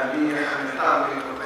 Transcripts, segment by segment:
به عن طريق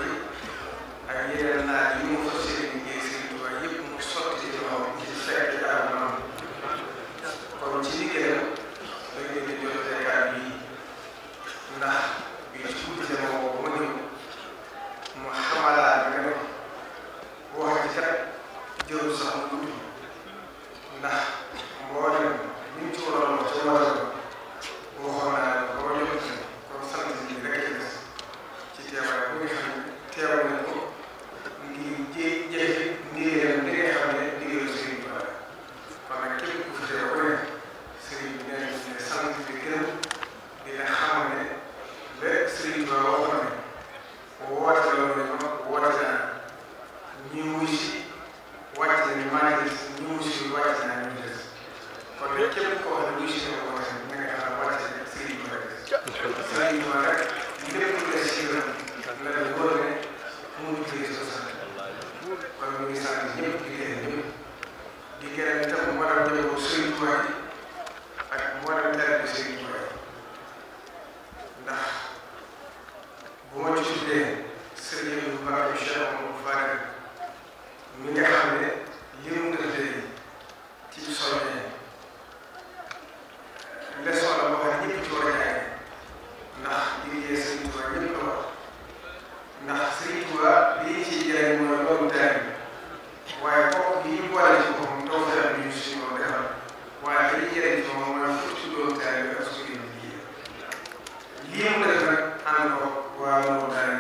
képp ko waaw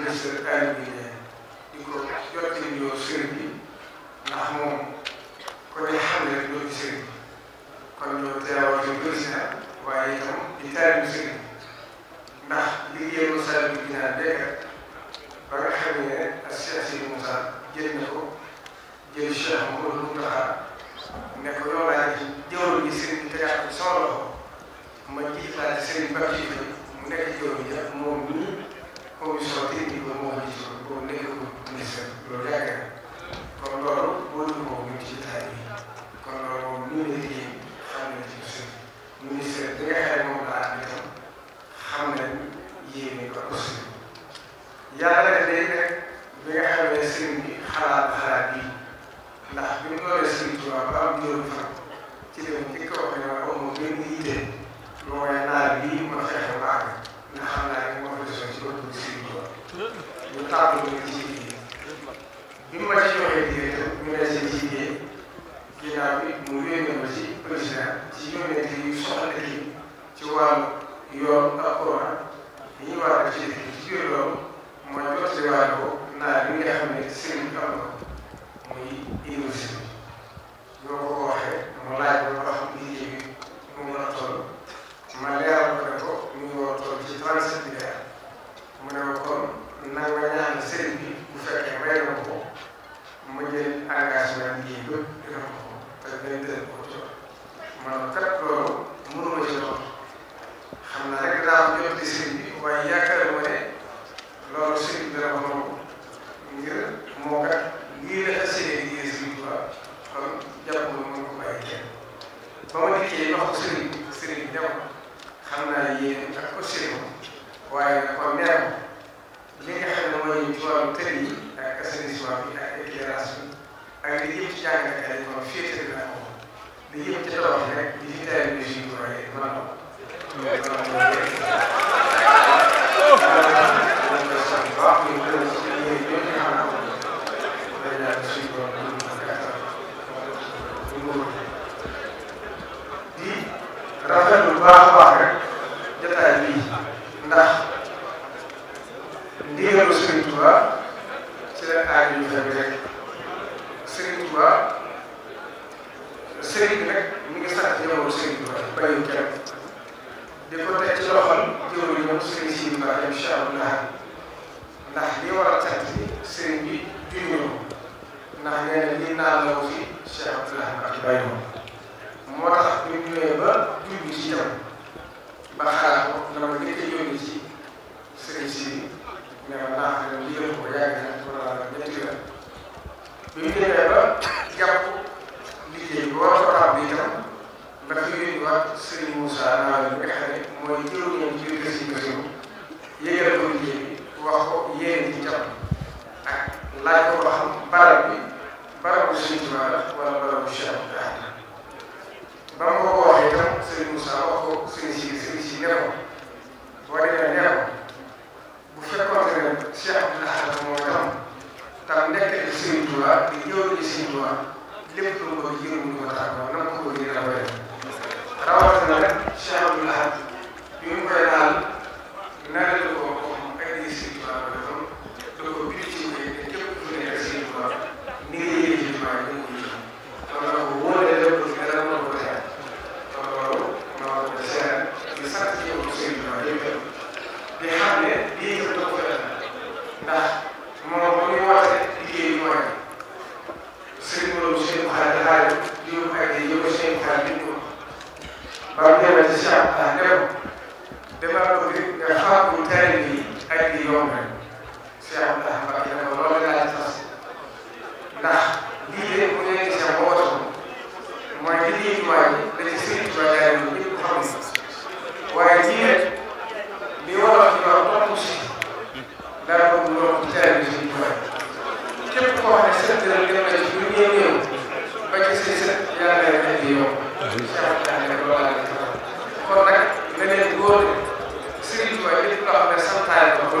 ministre Aliou Guèye di ko jottali nuyoo sëriñ bi ndax moom ko di xam ne rek doo ci sëriñ bi kon ñoo teewal ci président waaye itam di taalibu sëriñ bi ndax liggéeyu saa bi dinaa béykat ba nga xam ne ak Cheikh Sidi Moussa jël na ko jël Cheikh Mouhamadou Mountakha ne ko yow laa ci jëwal bi sëriñ bi tegaat ko sama loxo ma jiitaale sëriñ Ba Kifé mu nekk jëwal bi moom nii. commission technique bi moo ngi ci boobu nekkagum ministère loolu yàgg na kon loolu boo ñu ko ñu ci taay bi kon loolu moom ñu ngi liggéey xam nañ ci suuf ministère bi nga xam ne moom laa am itam xam nañ yéene ko aussi yàlla léegi nag bi nga xamee sëriñ bi xalaat xalaat bi ndax bi mu doonee sëriñ Tuubaa ba am juróom toll muy université mën a topp sëriñ bi rek ñu ngi sant ñëwul sëriñ bi bayu kenn di ko teg ci loxol jëwul ñoom sëriñ si bi baax incha allah ndax li war a sant bi sëriñ bi junñoo ndax nee na lii naa la fi Cheikh Abdoulaye Mbacke bàyyi moom moo tax ñu ñëwee ba jublu ci yow ba xalaat ko dama njëkk a yónni ci sëriñ si bi mais naa xam ne lii ndax lii de bu ñëwee ci seen woote mooy li ñuy tuwaay la ci Serigne Touba jaay ñu ñëpp xam ni waaye lii rek li waroon ci war bokku si daa bëgg loolu ci jaay bi suñu tuwaay képp koo xam ne seen dërëm dem na ci lu ñëw ñëw ba ci say sët yàlla lay xëy di yow. kon nag nga leen góor Serigne Touba yëpp loo xam ne ko bu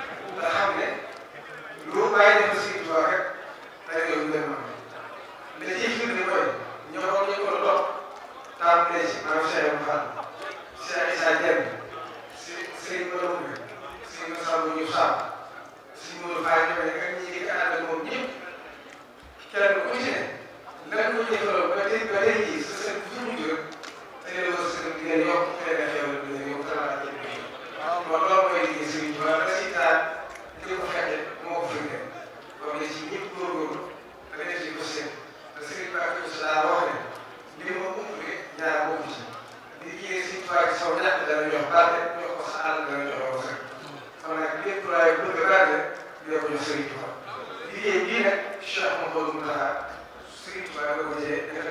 de